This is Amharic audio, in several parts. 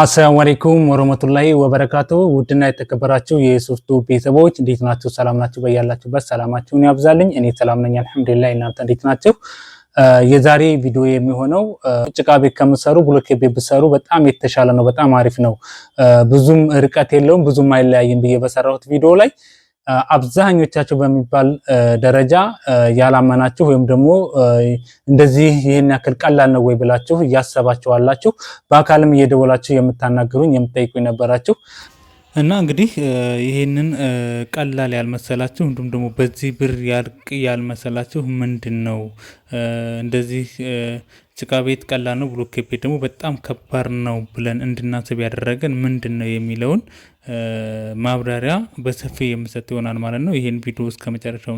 አሰላሙ አለይኩም ወረህመቱላሂ ወበረካቱ። ውድና የተከበራችሁ የሶስቱ ቤተሰቦች እንዴት ናችሁ? ሰላም ናችሁ? በያላችሁበት ሰላማችሁን ያብዛልኝ። እኔ ሰላም ነኝ አልሐምዱሊላህ። እናንተ እንዴት ናችሁ? የዛሬ ቪዲዮ የሚሆነው ጭቃ ቤት ከምሰሩ ብሎኬት ቤት ብሰሩ በጣም የተሻለ ነው። በጣም አሪፍ ነው። ብዙም ርቀት የለውም፣ ብዙም አይለያይም ብዬ በሰራሁት ቪዲዮ ላይ አብዛኞቻችሁ በሚባል ደረጃ ያላመናችሁ ወይም ደግሞ እንደዚህ ይህን ያክል ቀላል ነው ወይ ብላችሁ እያሰባችኋላችሁ አላችሁ። በአካልም እየደወላችሁ የምታናግሩኝ የምጠይቁ ነበራችሁ እና እንግዲህ ይህንን ቀላል ያልመሰላችሁ እንዲሁም ደግሞ በዚህ ብር ያልቅ ያልመሰላችሁ ምንድን ነው እንደዚህ ጭቃ ቤት ቀላል ነው፣ ብሎኬት ቤት ደግሞ በጣም ከባድ ነው ብለን እንድናስብ ያደረገን ምንድን ነው የሚለውን ማብራሪያ በሰፊ የምሰጥ ይሆናል ማለት ነው። ይህን ቪዲዮ እስከ መጨረሻው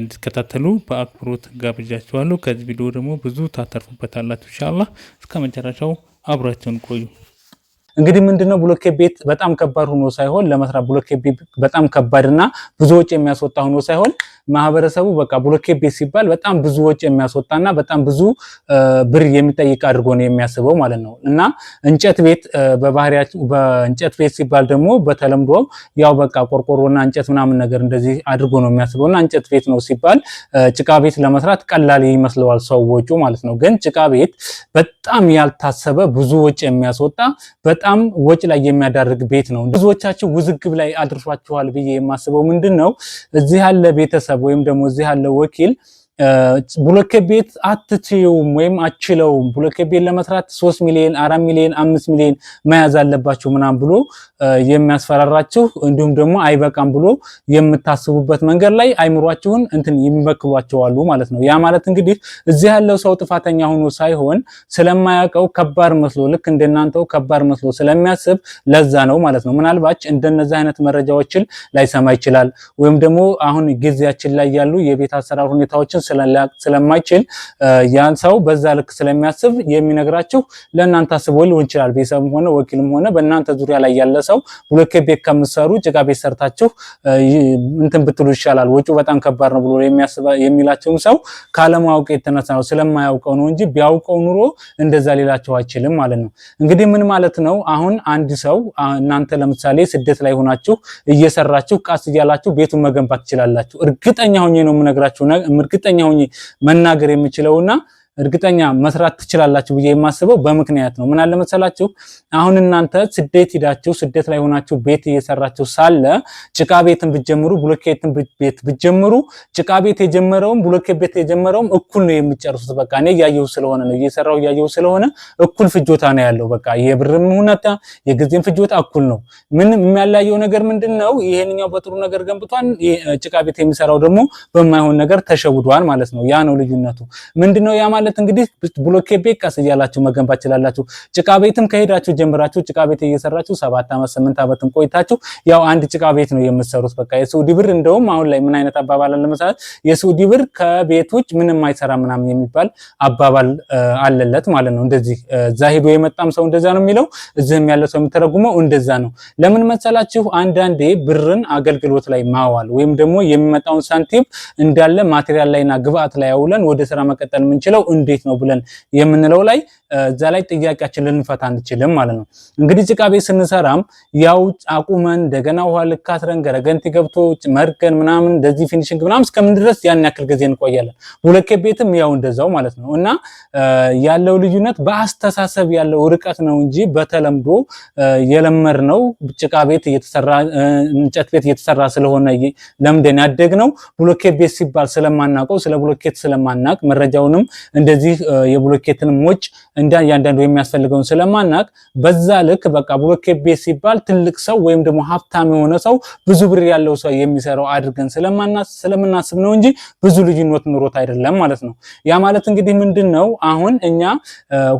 እንዲከታተሉ በአክብሮት ጋብዣችኋለሁ። ከዚህ ቪዲዮ ደግሞ ብዙ ታተርፉበታላችሁ። ኢንሻአላህ እስከ መጨረሻው አብራችሁን ቆዩ። እንግዲህ ምንድነው ብሎኬት ቤት በጣም ከባድ ሆኖ ሳይሆን ለመስራት ብሎኬት ቤት በጣም ከባድና ብዙ ወጪ የሚያስወጣ ሆኖ ሳይሆን ማህበረሰቡ በቃ ብሎኬት ቤት ሲባል በጣም ብዙ ወጪ የሚያስወጣና በጣም ብዙ ብር የሚጠይቅ አድርጎ ነው የሚያስበው ማለት ነው እና እንጨት ቤት በባህሪያቸው በእንጨት ቤት ሲባል ደግሞ በተለምዶ ያው በቃ ቆርቆሮና እንጨት ምናምን ነገር እንደዚህ አድርጎ ነው የሚያስበው እና እንጨት ቤት ነው ሲባል ጭቃ ቤት ለመስራት ቀላል ይመስለዋል ሰዎቹ ማለት ነው። ግን ጭቃ ቤት በጣም ያልታሰበ ብዙ ወጪ የሚያስወጣ በጣም ወጪ ላይ የሚያዳርግ ቤት ነው። ብዙዎቻችሁ ውዝግብ ላይ አድርሷችኋል ብዬ የማስበው ምንድን ነው እዚህ ያለ ቤተሰብ ወይም ደግሞ እዚህ ያለ ወኪል ብሎኬት ቤት አትችዩም ወይም አችለውም ብሎኬት ቤት ለመስራት ሶስት ሚሊዮን አራት ሚሊዮን አምስት ሚሊዮን መያዝ አለባችሁ ምናም ብሎ የሚያስፈራራችሁ እንዲሁም ደግሞ አይበቃም ብሎ የምታስቡበት መንገድ ላይ አይምሯችሁን እንትን የሚበክሏቸዋሉ ማለት ነው። ያ ማለት እንግዲህ እዚህ ያለው ሰው ጥፋተኛ ሆኖ ሳይሆን ስለማያውቀው ከባድ መስሎ ልክ እንደናንተው ከባድ መስሎ ስለሚያስብ ለዛ ነው ማለት ነው። ምናልባች እንደነዚህ አይነት መረጃዎችን ላይሰማ ይችላል ወይም ደግሞ አሁን ጊዜያችን ላይ ያሉ የቤት አሰራር ሁኔታዎችን ስለማይችል ያን ሰው በዛ ልክ ስለሚያስብ የሚነግራችሁ ለእናንተ አስቦ ሊሆን ይችላል። ቤተሰብም ሆነ ወኪልም ሆነ በእናንተ ዙሪያ ላይ ያለ ሰው ብሎኬ ቤት ከምትሰሩ ጭቃ ቤት ሰርታችሁ እንትን ብትሉ ይሻላል፣ ወጪው በጣም ከባድ ነው ብሎ የሚላቸውም ሰው ካለማወቅ የተነሳ ነው፣ ስለማያውቀው ነው እንጂ ቢያውቀው ኑሮ እንደዛ ሌላቸው አይችልም ማለት ነው። እንግዲህ ምን ማለት ነው? አሁን አንድ ሰው እናንተ ለምሳሌ ስደት ላይ ሆናችሁ እየሰራችሁ ቃስ እያላችሁ ቤቱን መገንባት ትችላላችሁ። እርግጠኛ ሆኜ ነው የምነግራችሁ እርግጠኛ ደስተኛ ሆኜ መናገር የምችለውና እርግጠኛ መስራት ትችላላችሁ ብዬ የማስበው በምክንያት ነው። ምን አለ መሰላችሁ፣ አሁን እናንተ ስደት ሂዳችሁ ስደት ላይ ሆናችሁ ቤት እየሰራችሁ ሳለ ጭቃ ቤትን ብትጀምሩ ብሎኬትን ቤት ብትጀምሩ ጭቃ ቤት የጀመረውም ብሎኬት ቤት የጀመረውም እኩል ነው የሚጨርሱት። በቃ እኔ እያየሁ ስለሆነ ነው እየሰራሁ እያየሁ ስለሆነ እኩል ፍጆታ ነው ያለው። በቃ የብርም ሁኔታ የጊዜም ፍጆታ እኩል ነው። ምን የሚያላየው ነገር ምንድን ነው? ይሄንኛው በጥሩ ነገር ገንብቷል፣ ጭቃ ቤት የሚሰራው ደግሞ በማይሆን ነገር ተሸውዷል ማለት ነው። ያ ነው ልዩነቱ። ምንድን ነው ያ ማለት ማለት እንግዲህ ብሎኬ ቤት ቀስ እያላችሁ መገንባት ችላላችሁ ጭቃ ቤትም ከሄዳችሁ ጀምራችሁ ጭቃ ቤት እየሰራችሁ ሰባት ዓመት ስምንት ዓመትም ቆይታችሁ ያው አንድ ጭቃ ቤት ነው የምትሰሩት። በቃ የሳውዲ ብር እንደውም አሁን ላይ ምን አይነት አባባል አለ መሰለህ? የሳውዲ ብር ከቤት ውጭ ምንም አይሰራ ምናምን የሚባል አባባል አለለት ማለት ነው። እንደዚህ እዛ ሄዶ የመጣም ሰው እንደዛ ነው የሚለው፣ እዚህም ያለ ሰው የሚተረጉመው እንደዛ ነው። ለምን መሰላችሁ? አንዳንዴ ብርን አገልግሎት ላይ ማዋል ወይም ደግሞ የሚመጣውን ሳንቲም እንዳለ ማቴሪያል ላይና ግብአት ላይ አውለን ወደ ስራ መቀጠል የምንችለው እንዴት ነው ብለን የምንለው ላይ እዛ ላይ ጥያቄያችን ልንፈታ አንችልም ማለት ነው። እንግዲህ ጭቃ ቤት ስንሰራም ያው አቁመን እንደገና ውሃ ልካትረን ገረገንቲ ገብቶ መርገን ምናምን እንደዚህ ፊኒሽንግ ምናምን እስከምን ድረስ ያን ያክል ጊዜ እንቆያለን። ብሎኬት ቤትም ያው እንደዛው ማለት ነው እና ያለው ልዩነት በአስተሳሰብ ያለው ርቀት ነው እንጂ በተለምዶ የለመድ ነው ጭቃ ቤት እየተሰራ እንጨት ቤት እየተሰራ ስለሆነ ለምደን ያደግ ነው። ብሎኬት ቤት ሲባል ስለማናውቀው ስለ ብሎኬት ስለማናቅ መረጃውንም እንደዚህ የብሎኬትን ሞጭ እንዳ እያንዳንዱ የሚያስፈልገውን ስለማናቅ በዛ ልክ በቃ ብሎኬ ቤ ሲባል ትልቅ ሰው ወይም ደግሞ ሀብታም የሆነ ሰው ብዙ ብር ያለው ሰው የሚሰራው አድርገን ስለምናስብ ነው እንጂ ብዙ ልዩነት ኑሮት አይደለም ማለት ነው። ያ ማለት እንግዲህ ምንድን ነው አሁን እኛ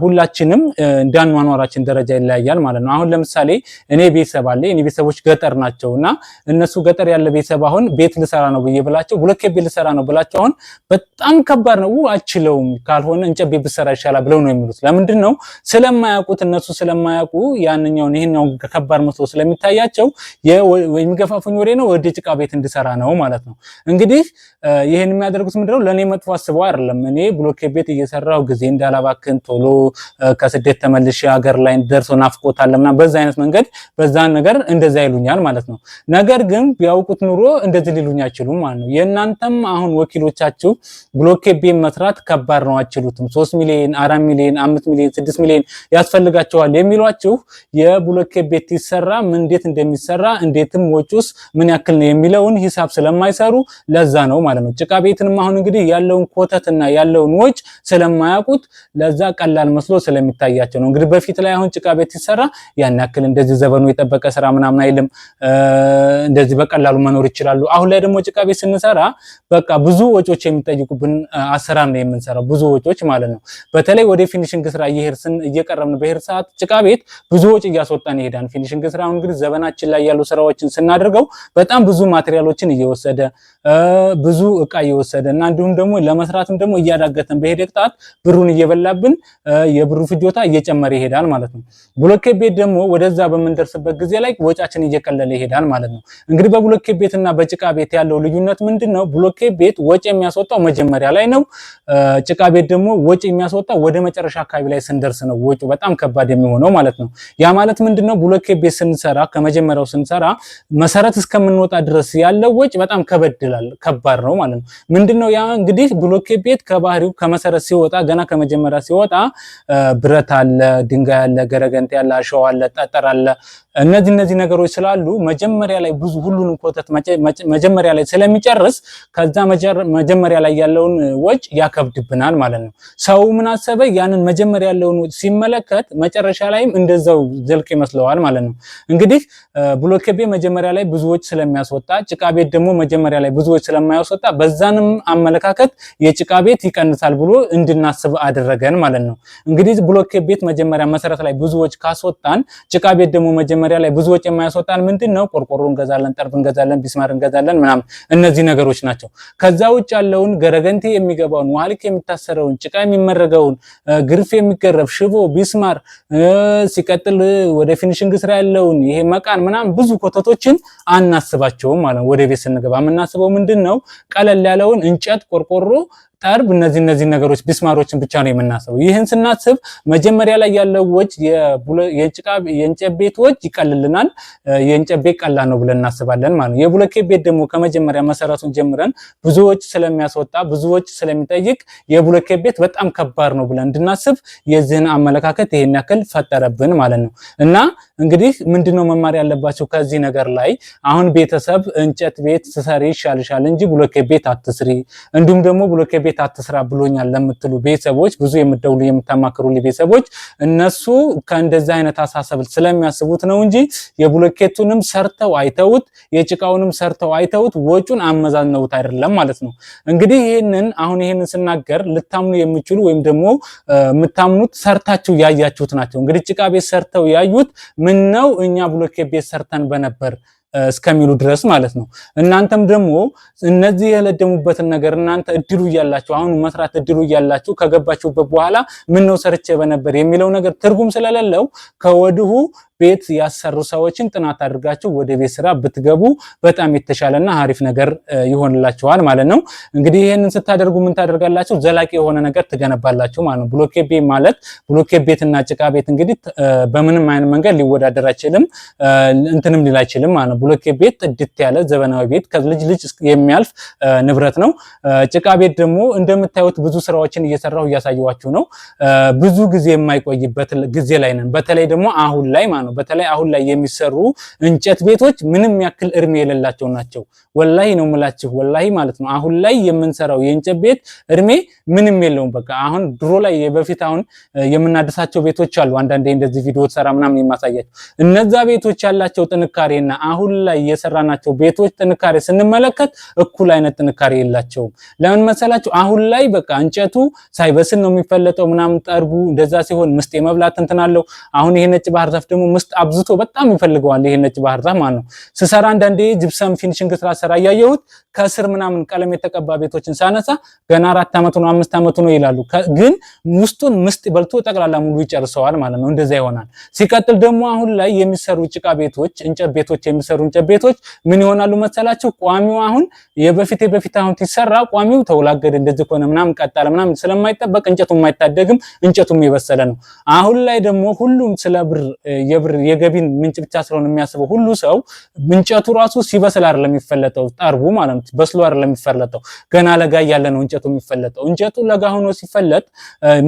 ሁላችንም እንዳኗኗራችን ደረጃ ይለያያል ማለት ነው። አሁን ለምሳሌ እኔ ቤተሰብ አለ እኔ ቤተሰቦች ገጠር ናቸው እና እነሱ ገጠር ያለ ቤተሰብ አሁን ቤት ልሰራ ነው ብዬ ብላቸው ብሎኬ ቤት ልሰራ ነው ብላቸው አሁን በጣም ከባድ ነው አችለውም ካልሆነ እንጨቤ ብሰራ ይሻላል ብለው ነው የሚሉት ለምንድን ነው ስለማያውቁት፣ እነሱ ስለማያውቁ ያንኛውን ይህኛውን ከባድ መስሎ ስለሚታያቸው የሚገፋፉኝ ወሬ ነው ወደ ጭቃ ቤት እንድሰራ ነው ማለት ነው። እንግዲህ ይህን የሚያደርጉት ምንድነው ለእኔ መጥፎ አስበው አይደለም። እኔ ብሎኬ ቤት እየሰራው ጊዜ እንዳላባክን ቶሎ ከስደት ተመልሼ ሀገር ላይ ደርሶ ናፍቆት አለምና በዛ አይነት መንገድ በዛን ነገር እንደዛ ይሉኛል ማለት ነው። ነገር ግን ቢያውቁት ኑሮ እንደዚህ ሊሉኝ አይችሉም ማለት ነው። የእናንተም አሁን ወኪሎቻችሁ ብሎኬ ቤት መስራት ከባድ ነው አይችሉትም። ሶስት ሚሊዮን አራት ሚሊዮን አምስት ሚሊዮን ስድስት ሚሊዮን ያስፈልጋቸዋል የሚሏችሁ የብሎኬ ቤት ሲሰራ እንዴት እንደሚሰራ እንዴትም ወጪውስ ምን ያክል ነው የሚለውን ሂሳብ ስለማይሰሩ ለዛ ነው ማለት ነው። ጭቃ ቤትንም አሁን እንግዲህ ያለውን ኮተትና ያለውን ወጭ ስለማያውቁት ለዛ ቀላል መስሎ ስለሚታያቸው ነው። እንግዲህ በፊት ላይ አሁን ጭቃ ቤት ሲሰራ ያን ያክል እንደዚህ ዘበኑ የጠበቀ ስራ ምናምን አይልም። እንደዚህ በቀላሉ መኖር ይችላሉ። አሁን ላይ ደግሞ ጭቃ ቤት ስንሰራ በቃ ብዙ ወጪዎች የሚጠይቁብን አሰራር ነው የምንሰራው ብዙ ወጪዎች ማለት ነው። በተለይ ወደ ፊኒሽንግ ፊኒሽንግ ስራ እየቀረብን በሄድ ሰዓት ጭቃ ቤት ብዙ ወጪ እያስወጣን ይሄዳል። ፊኒሽንግ ስራ እንግዲህ ዘበናችን ላይ ያሉ ስራዎችን ስናደርገው በጣም ብዙ ማቴሪያሎችን እየወሰደ ብዙ እቃ እየወሰደ እና እንዲሁም ደግሞ ለመስራትም ደግሞ እያዳገተን በሄደ ቅጣት ብሩን እየበላብን የብሩ ፍጆታ እየጨመረ ይሄዳል ማለት ነው። ብሎኬት ቤት ደግሞ ወደዛ በምንደርስበት ጊዜ ላይ ወጫችን እየቀለለ ይሄዳል ማለት ነው። እንግዲህ በብሎኬት ቤትና በጭቃ ቤት ያለው ልዩነት ምንድን ነው? ብሎኬት ቤት ወጪ የሚያስወጣው መጀመሪያ ላይ ነው። ጭቃ ቤት ደግሞ ወጪ የሚያስወጣው ወደ መጨረሻ አካባቢ ላይ ስንደርስ ነው ወጪው በጣም ከባድ የሚሆነው ማለት ነው። ያ ማለት ምንድነው ብሎኬት ቤት ስንሰራ ከመጀመሪያው ስንሰራ መሰረት እስከምንወጣ ድረስ ያለው ወጪ በጣም ከበድላል ከባድ ነው ማለት ነው። ምንድነው ያ እንግዲህ ብሎኬት ቤት ከባህሪው ከመሰረት ሲወጣ ገና ከመጀመሪያ ሲወጣ ብረት አለ፣ ድንጋይ አለ፣ ገረገንጤ አለ፣ አሸዋ አለ፣ ጠጠር አለ። እነዚህ እነዚህ ነገሮች ስላሉ መጀመሪያ ላይ ብዙ ሁሉንም ኮተት መጀመሪያ ላይ ስለሚጨርስ ከዛ መጀመሪያ ላይ ያለውን ወጪ ያከብድብናል ማለት ነው። ሰው ምን አሰበ ያንን ሲጀመር ያለውን ሲመለከት መጨረሻ ላይም እንደዛው ዘልቅ ይመስለዋል ማለት ነው። እንግዲህ ብሎኬቤ ቤት መጀመሪያ ላይ ብዙዎች ስለሚያስወጣ፣ ጭቃ ቤት ደግሞ መጀመሪያ ላይ ብዙዎች ስለማያስወጣ በዛንም አመለካከት የጭቃ ቤት ይቀንሳል ብሎ እንድናስብ አደረገን ማለት ነው። እንግዲህ ብሎኬ ቤት መጀመሪያ መሰረት ላይ ብዙዎች ካስወጣን፣ ጭቃ ቤት ደግሞ መጀመሪያ ላይ ብዙዎች የማያስወጣን ምንድን ነው? ቆርቆሮ እንገዛለን፣ ጠርብ እንገዛለን፣ ቢስማር እንገዛለን ምናምን እነዚህ ነገሮች ናቸው። ከዛ ውጭ ያለውን ገረገንቴ የሚገባውን ዋልክ የሚታሰረውን ጭቃ የሚመረገውን ግርፌ የሚቀረብ ሽቦ፣ ቢስማር ሲቀጥል ወደ ፊኒሽንግ ስራ ያለውን ይሄ መቃን ምናምን ብዙ ኮተቶችን አናስባቸውም ማለት ወደ ቤት ስንገባ የምናስበው ምንድን ነው ቀለል ያለውን እንጨት፣ ቆርቆሮ ጠርብ እነዚህ እነዚህ ነገሮች ቢስማሮችን ብቻ ነው የምናስበው። ይህን ስናስብ መጀመሪያ ላይ ያለው ወጭ የእንጨት ቤት ወጭ ይቀልልናል። የእንጨት ቤት ቀላል ነው ብለን እናስባለን ማለት ነው። የብሎኬት ቤት ደግሞ ከመጀመሪያ መሰረቱን ጀምረን ብዙ ወጭ ስለሚያስወጣ ብዙ ወጭ ስለሚጠይቅ የብሎኬት ቤት በጣም ከባድ ነው ብለን እንድናስብ የዚህን አመለካከት ይሄን ያክል ፈጠረብን ማለት ነው። እና እንግዲህ ምንድነው መማር ያለባቸው ከዚህ ነገር ላይ አሁን ቤተሰብ እንጨት ቤት ስሰሪ ይሻልሻል እንጂ ብሎኬት ቤት አትስሪ እንዲሁም ደግሞ ብሎኬት ቤት ቤት አትስራ ብሎኛል ለምትሉ ቤተሰቦች ብዙ የምደውሉ የምታማክሩ ቤተሰቦች እነሱ ከእንደዚህ አይነት አሳሰብ ስለሚያስቡት ነው እንጂ የብሎኬቱንም ሰርተው አይተውት የጭቃውንም ሰርተው አይተውት ወጩን አመዛዝነውት አይደለም ማለት ነው። እንግዲህ ይህንን አሁን ይህንን ስናገር ልታምኑ የምችሉ ወይም ደግሞ የምታምኑት ሰርታችሁ ያያችሁት ናቸው። እንግዲህ ጭቃ ቤት ሰርተው ያዩት ምን ነው እኛ ብሎኬት ቤት ሰርተን በነበር እስከሚሉ ድረስ ማለት ነው። እናንተም ደግሞ እነዚህ የለደሙበትን ነገር እናንተ እድሉ እያላችሁ አሁን መስራት እድሉ እያላችሁ ከገባችሁበት በኋላ ምን ነው ሰርቼ በነበር የሚለው ነገር ትርጉም ስለሌለው ከወዲሁ ቤት ያሰሩ ሰዎችን ጥናት አድርጋችሁ ወደ ቤት ስራ ብትገቡ በጣም የተሻለና አሪፍ ነገር ይሆንላችኋል ማለት ነው። እንግዲህ ይህንን ስታደርጉ ምን ታደርጋላችሁ? ዘላቂ የሆነ ነገር ትገነባላችሁ ማለት ነው። ብሎኬ ቤት ማለት ብሎኬ ቤትና ጭቃ ቤት እንግዲህ በምንም አይነት መንገድ ሊወዳደር አይችልም፣ እንትንም ሊል አይችልም ማለት ነው። ብሎኬ ቤት ጥድት ያለ ዘመናዊ ቤት ከልጅ ልጅ የሚያልፍ ንብረት ነው። ጭቃ ቤት ደግሞ እንደምታዩት ብዙ ስራዎችን እየሰራሁ እያሳየዋችሁ ነው። ብዙ ጊዜ የማይቆይበት ጊዜ ላይ ነን፣ በተለይ ደግሞ አሁን ላይ ማለት ነው። ነው። በተለይ አሁን ላይ የሚሰሩ እንጨት ቤቶች ምንም ያክል እድሜ የሌላቸው ናቸው። ወላሂ ነው የምላችሁ፣ ወላሂ ማለት ነው። አሁን ላይ የምንሰራው የእንጨት ቤት እድሜ ምንም የለውም። በቃ አሁን ድሮ ላይ በፊት አሁን የምናድሳቸው ቤቶች አሉ። አንዳንዴ እንደዚህ ቪዲዮ ሰራ ምናምን የማሳያቸው እነዛ ቤቶች ያላቸው ጥንካሬና አሁን ላይ የሰራናቸው ቤቶች ጥንካሬ ስንመለከት እኩል አይነት ጥንካሬ የላቸውም። ለምን መሰላቸው? አሁን ላይ በቃ እንጨቱ ሳይበስል ነው የሚፈለጠው ምናምን ጠርቡ እንደዛ ሲሆን ምስጥ የመብላት እንትናለው። አሁን ይሄ ነጭ ባህር ዛፍ ደግሞ ውስጥ አብዝቶ በጣም ይፈልገዋል። ይሄ ነጭ ባህር ዛፍ ማለት ነው። ስሰራ አንዳንዴ ጅብሰም ፊኒሽንግ ስራ ሰራ እያየሁት ከስር ምናምን ቀለም የተቀባ ቤቶችን ሳነሳ ገና አራት አመቱ ነው አምስት አመቱ ነው ይላሉ። ግን ውስጡን ምስጥ በልቶ ጠቅላላ ሙሉ ይጨርሰዋል ማለት ነው። እንደዛ ይሆናል። ሲቀጥል ደግሞ አሁን ላይ የሚሰሩ ጭቃ ቤቶች፣ እንጨት ቤቶች የሚሰሩ እንጨት ቤቶች ምን ይሆናሉ መሰላችሁ? ቋሚው አሁን የበፊት በፊት አሁን ሲሰራ ቋሚው ተውላገደ እንደዚህ ከሆነ ምናምን ቀጣለ ምናምን ስለማይጠበቅ እንጨቱ የማይታደግም እንጨቱም የበሰለ ነው። አሁን ላይ ደግሞ ሁሉም ስለ ብር የግብር የገቢን ምንጭ ብቻ ስለሆነ የሚያስበው ሁሉ ሰው እንጨቱ ራሱ ሲበስል አይደለም የሚፈለጠው፣ ጠርቡ ማለት ነው። በስሎ አይደለም የሚፈለጠው፣ ገና ለጋ እያለ ነው እንጨቱ የሚፈለጠው። እንጨቱ ለጋ ሆኖ ሲፈለጥ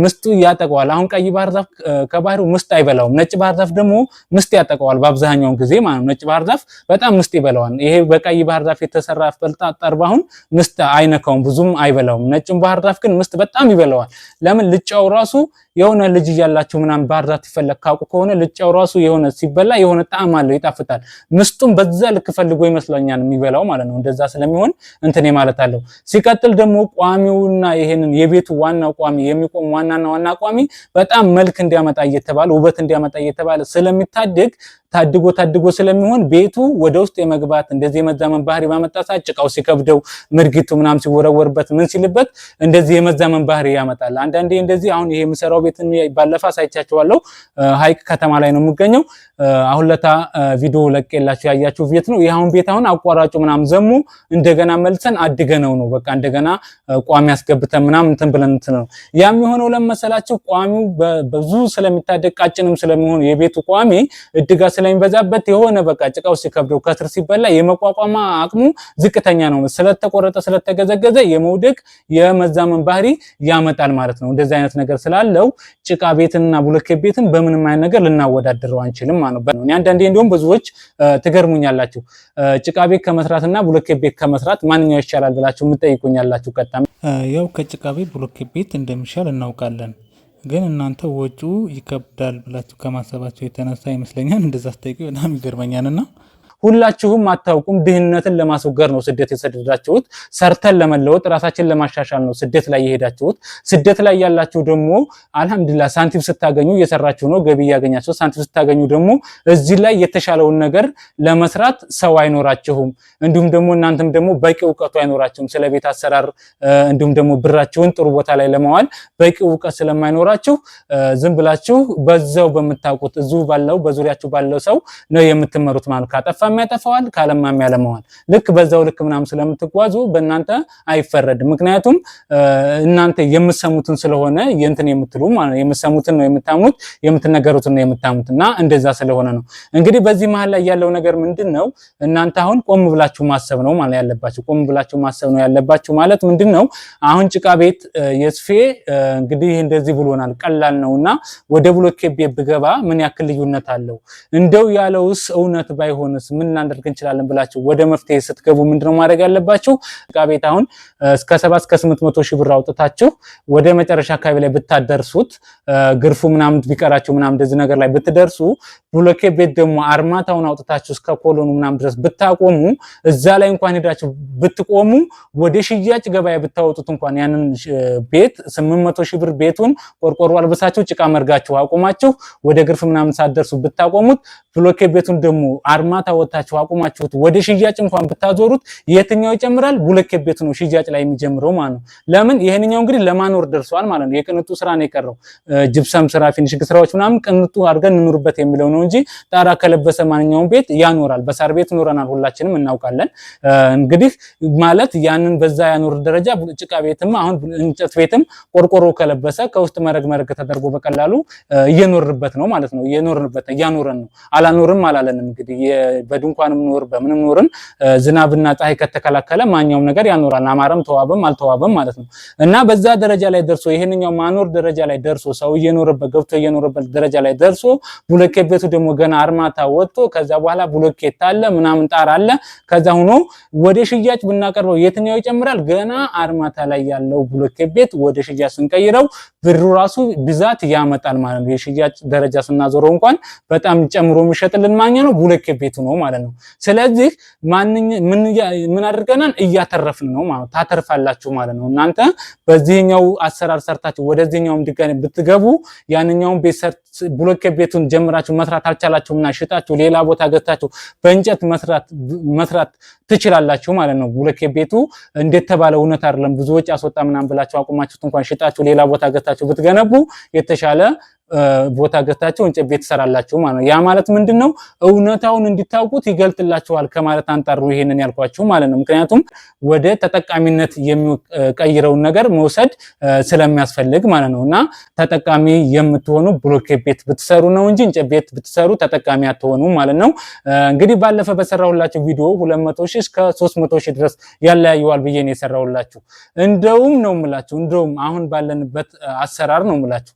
ምስጡ ያጠቀዋል። አሁን ቀይ ባህር ዛፍ ከባህሩ ምስጥ አይበላውም። ነጭ ባህር ዛፍ ደግሞ ምስጥ ያጠቀዋል በአብዛኛውን ጊዜ ማለት ነው። ነጭ ባህር ዛፍ በጣም ምስጥ ይበላዋል። ይሄ በቀይ ባህር ዛፍ የተሰራ ፈልጣ ጠርብ አሁን ምስጥ አይነካውም፣ ብዙም አይበላውም። ነጭ ባህር ዛፍ ግን ምስጥ በጣም ይበላዋል። ለምን ልጫው ራሱ የሆነ ልጅ እያላችሁ ምናምን ባህር ዳር ሲፈለግ ካውቁ ከሆነ ልጫው ራሱ የሆነ ሲበላ የሆነ ጣዕም አለው፣ ይጣፍጣል። ምስጡም በዛ ልክ ፈልጎ ይመስለኛል የሚበላው ማለት ነው። እንደዛ ስለሚሆን እንትኔ ማለት አለው። ሲቀጥል ደግሞ ቋሚውና ይሄንን የቤቱ ዋና ቋሚ የሚቆም ዋናና ዋና ቋሚ በጣም መልክ እንዲያመጣ እየተባለ ውበት እንዲያመጣ እየተባለ ስለሚታደግ ታድጎ ታድጎ ስለሚሆን ቤቱ ወደ ውስጥ የመግባት እንደዚህ የመዛመን ባህሪ ባመጣሳ ጭቃው ሲከብደው ምርግቱ ምናም ሲወረወርበት ምን ሲልበት እንደዚህ የመዛመን ባህሪ ያመጣል። አንዳንዴ እንደዚህ አሁን ይሄ የምሰራው ቤት ባለፈ አሳይቻቸዋለሁ። ሀይቅ ከተማ ላይ ነው የምገኘው አሁን ለታ ቪዲዮ ለቀላችሁ ያያችሁ ቤት ነው። ይህ አሁን ቤት አሁን አቋራጩ ምናምን ዘሙ እንደገና መልሰን አድገ ነው ነው በቃ እንደገና ቋሚ አስገብተን ምናምን እንትን ብለን እንትን ነው ያ የሚሆነው ለመሰላቸው ቋሚው በብዙ ስለሚታደግ ቃጭንም ስለሚሆን የቤቱ ቋሚ እድጋ ስለሚበዛበት የሆነ በቃ ጭቃው ሲከብደው ከስር ሲበላ የመቋቋማ አቅሙ ዝቅተኛ ነው። ስለተቆረጠ ስለተገዘገዘ የመውደቅ የመዛመን ባህሪ ያመጣል ማለት ነው። እንደዚህ አይነት ነገር ስላለው ጭቃ ቤትንና ቡለኬ ቤትን በምንም አይነት ነገር ልናወዳድረው አንችልም። ከተማ ነው። እኔ አንዳንዴ እንዲሁም ብዙዎች ትገርሙኛላችሁ። ጭቃ ቤት ከመስራትና ብሎኬት ቤት ከመስራት ማንኛው ይሻላል ብላችሁ የምጠይቁኛላችሁ። ቀጣሚ ያው ከጭቃ ቤት ብሎኬት ቤት እንደሚሻል እናውቃለን፣ ግን እናንተ ወጪው ይከብዳል ብላችሁ ከማሰባቸው የተነሳ ይመስለኛል እንደዛ አስጠይቁ በጣም ይገርመኛልና ሁላችሁም አታውቁም። ድህነትን ለማስወገድ ነው ስደት የሰደዳችሁት። ሰርተን ለመለወጥ ራሳችን ለማሻሻል ነው ስደት ላይ የሄዳችሁት። ስደት ላይ ያላችሁ ደግሞ አልሐምዱሊላህ ሳንቲም ስታገኙ እየሰራችሁ ነው ገቢ እያገኛችሁ። ሳንቲም ስታገኙ ደግሞ እዚህ ላይ የተሻለውን ነገር ለመስራት ሰው አይኖራችሁም። እንዲሁም ደግሞ እናንተም ደግሞ በቂ እውቀቱ አይኖራችሁም። ስለ ቤት አሰራር እንዲሁም ደግሞ ብራችሁን ጥሩ ቦታ ላይ ለማዋል በቂ እውቀት ስለማይኖራችሁ ዝም ብላችሁ በዛው በምታውቁት እዚሁ ባለው በዙሪያችሁ ባለው ሰው ነው የምትመሩት ማለት ካጠፋ ከጠፋም ያጠፋዋል፣ ካለማም ያለመዋል። ልክ በዛው ልክ ምናምን ስለምትጓዙ በእናንተ አይፈረድም። ምክንያቱም እናንተ የምትሰሙትን ስለሆነ የእንትን የምትሉ የምትሰሙትን ነው የምታምኑት፣ የምትነገሩትን ነው የምታምኑት እና እንደዛ ስለሆነ ነው። እንግዲህ በዚህ መሀል ላይ ያለው ነገር ምንድን ነው? እናንተ አሁን ቆም ብላችሁ ማሰብ ነው ማለት ያለባችሁ። ቆም ብላችሁ ማሰብ ነው ያለባችሁ ማለት ምንድን ነው? አሁን ጭቃ ቤት የስፌ እንግዲህ እንደዚህ ብሎናል፣ ቀላል ነው እና ወደ ብሎኬ ቤት ብገባ ምን ያክል ልዩነት አለው? እንደው ያለውስ እውነት ባይሆንስ ምን እናደርግ እንችላለን ብላችሁ ወደ መፍትሄ ስትገቡ ምንድነው ማድረግ ያለባችሁ? እቃ ቤት አሁን እስከ ሰባ እስከ ስምንት መቶ ሺህ ብር አውጥታችሁ ወደ መጨረሻ አካባቢ ላይ ብታደርሱት ግርፉ ምናምን ቢቀራችሁ ምናምን እንደዚህ ነገር ላይ ብትደርሱ፣ ብሎኬ ቤት ደግሞ አርማታውን አውጥታችሁ እስከ ኮሎኑ ምናምን ድረስ ብታቆሙ፣ እዛ ላይ እንኳን ሄዳችሁ ብትቆሙ፣ ወደ ሽያጭ ገበያ ብታወጡት እንኳን ያንን ቤት ስምንት መቶ ሺህ ብር ቤቱን ቆርቆሮ አልብሳችሁ ጭቃ መርጋችሁ አቁማችሁ ወደ ግርፍ ምናምን ሳትደርሱ ብታቆሙት፣ ብሎኬ ቤቱን ደግሞ አርማታ ወታችሁ አቁማችሁት ወደ ሽያጭ እንኳን ብታዞሩት የትኛው ይጨምራል? ቡለኬት ቤት ነው ሽያጭ ላይ የሚጀምረው ማለት ነው። ለምን ይሄንኛው እንግዲህ ለማኖር ደርሰዋል ማለት ነው። የቅንጡ ስራ ነው የቀረው። ጅብሰም ስራ፣ ፊኒሽንግ ስራዎች ምናምን ቅንጡ አድርገን እንኑርበት የሚለው ነው እንጂ ጣራ ከለበሰ ማንኛውም ቤት ያኖራል። በሳር ቤት ኖረናል፣ ሁላችንም እናውቃለን። እንግዲህ ማለት ያንን በዛ ያኖር ደረጃ ጭቃ ቤትም አሁን እንጨት ቤትም ቆርቆሮ ከለበሰ ከውስጥ መረግ መረግ ተደርጎ በቀላሉ እየኖርንበት ነው ማለት ነው። እየኖርንበት እያኖረን ነው። አላኖርም አላለንም እንግዲህ በድንኳንም ኖር በምንም ኖርን ዝናብና ፀሐይ ከተከላከለ ማንኛውም ነገር ያኖራል። አማረም ተዋበም አልተዋበም ማለት ነው እና በዛ ደረጃ ላይ ደርሶ ይሄንኛው ማኖር ደረጃ ላይ ደርሶ ሰው እየኖረበት ገብቶ እየኖረበት ደረጃ ላይ ደርሶ ብሎኬት ቤቱ ደግሞ ገና አርማታ ወጥቶ ከዛ በኋላ ብሎኬት አለ ምናምን ጣራ አለ። ከዛ ሆኖ ወደ ሽያጭ ብናቀርበው የትኛው ይጨምራል? ገና አርማታ ላይ ያለው ብሎኬት ቤት ወደ ሽያጭ ስንቀይረው ብሩ ራሱ ብዛት ያመጣል ማለት ነው። የሽያጭ ደረጃ ስናዞረው እንኳን በጣም ጨምሮ የሚሸጥልን ማኛ ነው ብሎኬት ቤቱ ነው ማለት ማለት ነው። ስለዚህ ምን አድርገናል? እያተረፍን ነው ማለት ታተርፋላችሁ ማለት ነው። እናንተ በዚህኛው አሰራር ሰርታችሁ ወደዚህኛውም ድጋሚ ብትገቡ ያንኛውን ቤት ሰርት ብሎኬ ቤቱን ጀምራችሁ መስራት አልቻላችሁምና ሽጣችሁ ሌላ ቦታ ገዝታችሁ በእንጨት መስራት ትችላላችሁ ማለት ነው። ብሎኬ ቤቱ እንደተባለ እውነት አይደለም። ብዙ ወጪ አስወጣ ምናምን ብላችሁ አቁማችሁት እንኳን ሽጣችሁ ሌላ ቦታ ገዝታችሁ ብትገነቡ የተሻለ ቦታ ገዝታችሁ እንጨት ቤት ትሰራላችሁ ማለት ነው። ያ ማለት ምንድን ነው? እውነታውን እንዲታውቁት ይገልጥላችኋል ከማለት አንጣሩ ይሄንን ያልኳችሁ ማለት ነው። ምክንያቱም ወደ ተጠቃሚነት የሚቀይረውን ነገር መውሰድ ስለሚያስፈልግ ማለት ነው እና ተጠቃሚ የምትሆኑ ብሎኬ ቤት ብትሰሩ ነው እንጂ እንጨት ቤት ብትሰሩ ተጠቃሚ አትሆኑ ማለት ነው። እንግዲህ ባለፈ በሰራሁላችሁ ቪዲዮ 200 ሺህ እስከ 300 ሺህ ድረስ ያለያየዋል ብዬ ነው የሰራሁላችሁ። እንደውም ነው ምላችሁ እንደውም አሁን ባለንበት አሰራር ነው ምላችሁ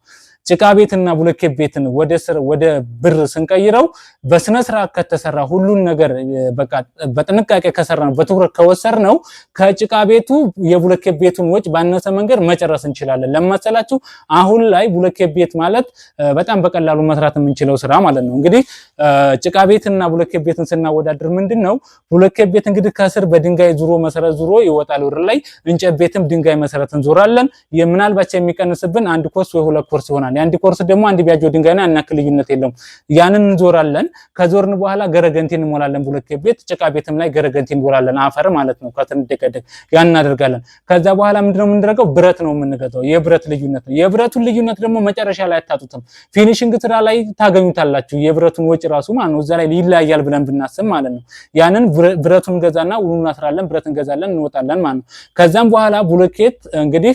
ጭቃ ቤትና ብሎኬት ቤትን ወደ ስር ወደ ብር ስንቀይረው በስነ ስርዓት ከተሰራ ሁሉን ነገር በቃ በጥንቃቄ ከሰራነው በትኩረት ከወሰርነው ከጭቃ ቤቱ የብሎኬት ቤቱን ወጭ ባነሰ መንገድ መጨረስ እንችላለን። ለማሰላችሁ አሁን ላይ ብሎኬት ቤት ማለት በጣም በቀላሉ መስራት የምንችለው ስራ ማለት ነው። እንግዲህ ጭቃ ቤትና ብሎኬት ቤትን ስናወዳድር ምንድን ነው ብሎኬት ቤት እንግዲህ ከስር በድንጋይ ዙሮ መሰረት ዙሮ ይወጣል ወደ ላይ። እንጨት ቤትም ድንጋይ መሰረት እንዞራለን። ምናልባቸው የሚቀንስብን አንድ ኮርስ ወይ ሁለት ኮርስ ይሆናል። ይሆናል። የአንድ ኮርስ ደግሞ አንድ ቢያጆ ድንጋይና ያናክል ልዩነት የለውም። ያንን እንዞራለን። ከዞርን በኋላ ገረገንቲን እንሞላለን። ብሎኬ ቤት፣ ጭቃ ቤትም ላይ ገረገንቲን እንሞላለን። አፈር ማለት ነው። ከትንደቀደቅ ያን እናደርጋለን። ከዛ በኋላ ምንድነው የምንደረገው? ብረት ነው የምንገዛው። የብረት ልዩነት ነው። የብረቱን ልዩነት ደግሞ መጨረሻ ላይ አታጡትም። ፊኒሽንግ ስራ ላይ ታገኙታላችሁ። የብረቱን ወጪ ራሱ ማለት ነው። እዛ ላይ ይለያያል ብለን ብናስብ ማለት ነው። ያንን ብረቱን ገዛና ውሉ እናስራለን። ብረት እንገዛለን፣ እንወጣለን ማለት ነው። ከዛም በኋላ ብሎኬት እንግዲህ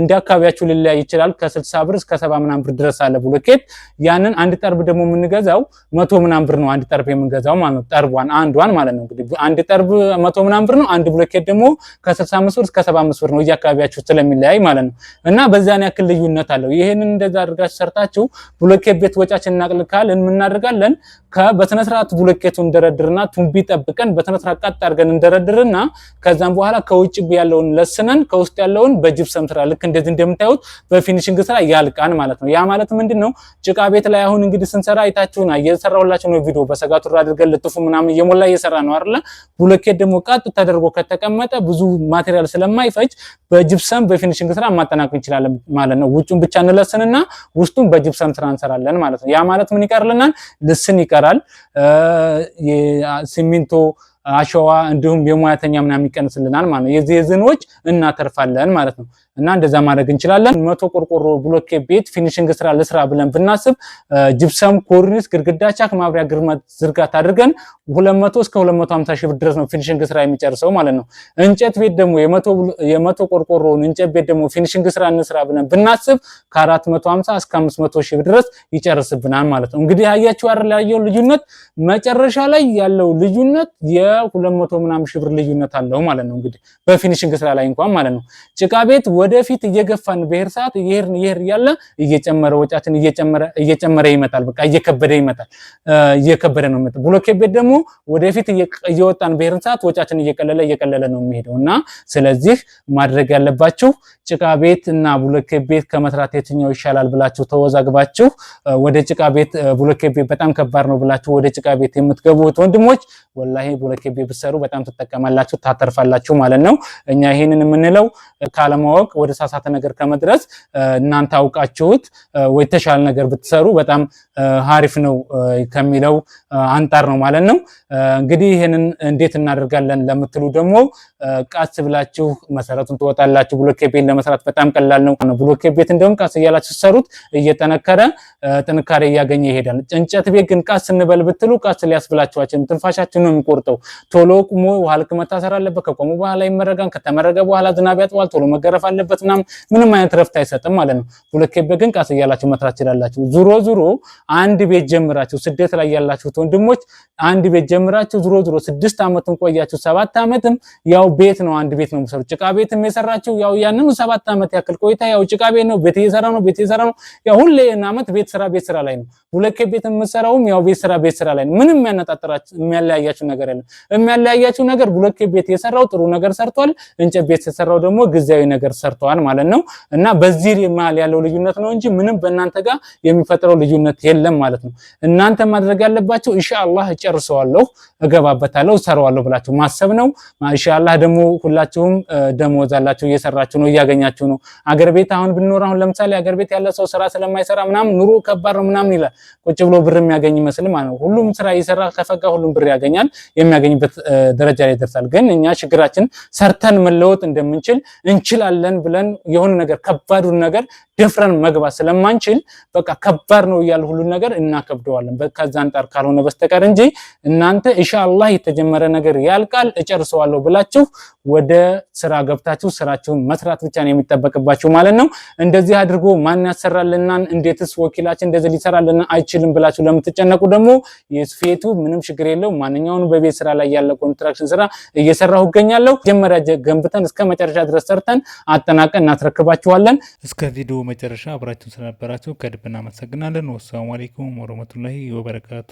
እንደ አካባቢያችሁ ሊለያይ ይችላል። ከስልሳ ብር እስከ ሰባ ምናም ብር ድረስ አለ ብሎኬት። ያንን አንድ ጠርብ ደግሞ የምንገዛው መቶ ምናም ብር ነው። አንድ ጠርብ የምንገዛው ማለት ነው። ጠርቧን አንዷን ማለት ነው። እንግዲህ አንድ ጠርብ መቶ ምናም ብር ነው። አንድ ብሎኬት ደግሞ ከ65 ብር እስከ 75 ብር ነው፣ እያካባቢያችሁ ስለሚለያይ ማለት ነው። እና በዛን ያክል ልዩነት አለው። ይህንን እንደዛ አድርጋችሁ ሰርታችሁ ብሎኬት ቤት ወጫችን እናቅልካለን። የምናደርጋለን በስነ ስርዓት ብሎኬቱ እንደረድርና ቱንቢ ጠብቀን በስነ ስርዓት ቀጥ አድርገን እንደረድርና ከዛም በኋላ ከውጭ ያለውን ለስነን ከውስጥ ያለውን በጅብሰም ስራ ልክ እንደዚህ እንደምታዩት በፊኒሽንግ ስራ ያልቃን ማለት ነው። ያ ማለት ምንድን ነው? ጭቃ ቤት ላይ አሁን እንግዲህ ስንሰራ አይታችሁና እየሰራሁላችሁ ነው ቪዲዮ በሰጋቱራ አድርገን ልጥፉ ምናምን እየሞላ እየሰራ ነው አይደለ? ብሎኬት ደግሞ ቀጥ ተደርጎ ከተቀመጠ ብዙ ማቴሪያል ስለማይፈጅ በጅብሰም በፊኒሽንግ ስራ ማጠናቀቅ እንችላለን ማለት ነው። ውጭን ብቻ እንለስንና ውስጡን በጅብሰም ስራ እንሰራለን ማለት ነው። ያ ማለት ምን ይቀርልናል? ልስን ይቀራል ሲሚንቶ አሸዋ እንዲሁም የሙያተኛ ምናምን ይቀንስልናል ማለት ነው። የዚህ የዝኖች እናተርፋለን ማለት ነው። እና እንደዛ ማድረግ እንችላለን። መቶ ቆርቆሮ ብሎኬ ቤት ፊኒሽንግ ስራ ልስራ ብለን ብናስብ ጅብሰም፣ ኮርኒስ፣ ግድግዳ ቻክ፣ ማብሪያ፣ ግርመት ዝርጋት አድርገን 200 እስከ 250 ሺህ ብር ድረስ ነው ፊኒሽንግ ስራ የሚጨርሰው ማለት ነው። እንጨት ቤት ደግሞ የመቶ ቆርቆሮውን እንጨት ቤት ደግሞ ፊኒሽንግ ስራ እንስራ ብለን ብናስብ ከ450 እስከ 500 ሺህ ብር ድረስ ይጨርስብናል ማለት ነው። እንግዲህ አያችሁ አይደል ያየው ልዩነት መጨረሻ ላይ ያለው ልዩነት ሁለት መቶ ምናምን ሺህ ብር ልዩነት አለው ማለት ነው። እንግዲህ በፊኒሽንግ ስራ ላይ እንኳን ማለት ነው። ጭቃ ቤት ወደፊት እየገፋን ብሄር ሰዓት እየሄድን እየሄድን እያለ እየጨመረ ወጫችን እየጨመረ ይመጣል። በቃ እየከበደ ይመጣል። እየከበደ ነው የሚመጣው። ብሎኬት ቤት ደግሞ ወደፊት እየወጣን ብሄርን ሰዓት ወጫችን እየቀለለ እየቀለለ ነው የሚሄደው እና ስለዚህ ማድረግ ያለባችሁ ጭቃ ቤት እና ብሎኬት ቤት ከመስራት የትኛው ይሻላል ብላችሁ ተወዛግባችሁ ወደ ጭቃ ቤት ብሎኬት ቤት በጣም ከባድ ነው ብላችሁ ወደ ጭቃ ቤት የምትገቡት ወንድሞች ወላሂ ብሎኬት በኬቢ ብትሰሩ በጣም ትጠቀማላችሁ፣ ታተርፋላችሁ ማለት ነው። እኛ ይህንን የምንለው ካለማወቅ ወደ ሳሳተ ነገር ከመድረስ እናንተ አውቃችሁት ወይ ተሻለ ነገር ብትሰሩ በጣም ሀሪፍ ነው ከሚለው አንጻር ነው ማለት ነው። እንግዲህ ይህንን እንዴት እናደርጋለን ለምትሉ ደግሞ ቀስ ብላችሁ መሰረቱን ትወጣላችሁ። ብሎኬት ቤት ለመስራት በጣም ቀላል ነው። ብሎኬት ቤት እንደውም ቀስ እያላችሁ ሰሩት እየጠነከረ ጥንካሬ እያገኘ ይሄዳል። እንጨት ቤት ግን ቀስ እንበል ብትሉ ቀስ ሊያስብላችኋችን ትንፋሻችን ነው የሚቆርጠው። ቶሎ ቁሞ ውሃ ልክ መታሰር አለበት። ከቆሙ በኋላ ይመረጋን። ከተመረገ በኋላ ዝናብ ያጥዋል። ቶሎ መገረፍ አለበት። ምናምን ምንም አይነት ረፍት አይሰጥም ማለት ነው። ቡለኬቤ ግን ቃስ እያላችሁ መስራት ትችላላችሁ። ዙሮ ዙሮ አንድ ቤት ጀምራችሁ ስደት ላይ ያላችሁት ወንድሞች አንድ ቤት ጀምራችሁ ዙሮ ዙሮ ስድስት ዓመትም ቆያችሁ ሰባት ዓመትም ያው ቤት ነው አንድ ቤት ነው የምሰሩ ጭቃ ቤትም የሰራችሁ ያው ያንኑ ሰባት ዓመት ያክል ቆይታ ያው ጭቃ ቤት ነው ቤት እየሰራ ነው ቤት እየሰራ ነው ያው ሁሌ ዓመት ቤት ስራ ቤት ስራ ላይ ነው። ቡለኬ ቤት የምሰራውም ያው ቤት ስራ ቤት ስራ ላይ ነው። ምንም የሚያነጣጥራችሁ የሚያለያያችሁ ነገር የለም። የሚያለያያቸው ነገር ብሎኬ ቤት የሰራው ጥሩ ነገር ሰርቷል፣ እንጨት ቤት የሰራው ደግሞ ጊዜያዊ ነገር ሰርተዋል ማለት ነው እና በዚህ መሀል ያለው ልዩነት ነው እንጂ ምንም በእናንተ ጋር የሚፈጥረው ልዩነት የለም ማለት ነው። እናንተ ማድረግ ያለባቸው ኢንሻአላህ እጨርሰዋለሁ፣ እገባበታለሁ፣ እሰራዋለሁ ብላችሁ ማሰብ ነው። ኢንሻአላህ ደግሞ ሁላችሁም ደሞዝ አላችሁ፣ እየሰራችሁ ነው፣ እያገኛችሁ ነው። አገር ቤት አሁን ብንኖር አሁን ለምሳሌ አገር ቤት ያለ ሰው ስራ ስለማይሰራ ምናምን ኑሮ ከባድ ነው ምናምን ይላል። ቁጭ ብሎ ብር የሚያገኝ ይመስል ማለት ነው። ሁሉም ስራ እየሰራ ከፈጋ ሁሉም ብር ያገኛል የሚያገኝ የምናገኝበት ደረጃ ላይ ደርሳል። ግን እኛ ችግራችን ሰርተን መለወጥ እንደምንችል እንችላለን ብለን የሆነ ነገር ከባዱን ነገር ደፍረን መግባት ስለማንችል በቃ ከባድ ነው እያለ ሁሉን ነገር እናከብደዋለን። ከዛ አንጻር ካልሆነ በስተቀር እንጂ እናንተ ኢንሻአላህ የተጀመረ ነገር ያልቃል እጨርሰዋለሁ ብላችሁ ወደ ስራ ገብታችሁ ስራችሁን መስራት ብቻ ነው የሚጠበቅባችሁ ማለት ነው። እንደዚህ አድርጎ ማን ያሰራልናን፣ እንዴትስ ወኪላችን እንደዚህ ሊሰራልና አይችልም ብላችሁ ለምትጨነቁ ደግሞ የስፌቱ ምንም ችግር የለው። ማንኛውን በቤት ስራ ላይ ያለ ኮንትራክሽን ስራ እየሰራሁ እገኛለሁ። መጀመሪያ ገንብተን እስከ መጨረሻ ድረስ ሰርተን አጠናቀን እናስረክባችኋለን። እስከ ቪዲዮ መጨረሻ አብራችሁን ስለነበራችሁ ከልብ እናመሰግናለን። ወሰላሙ አሌይኩም ወረመቱላሂ ወበረካቱ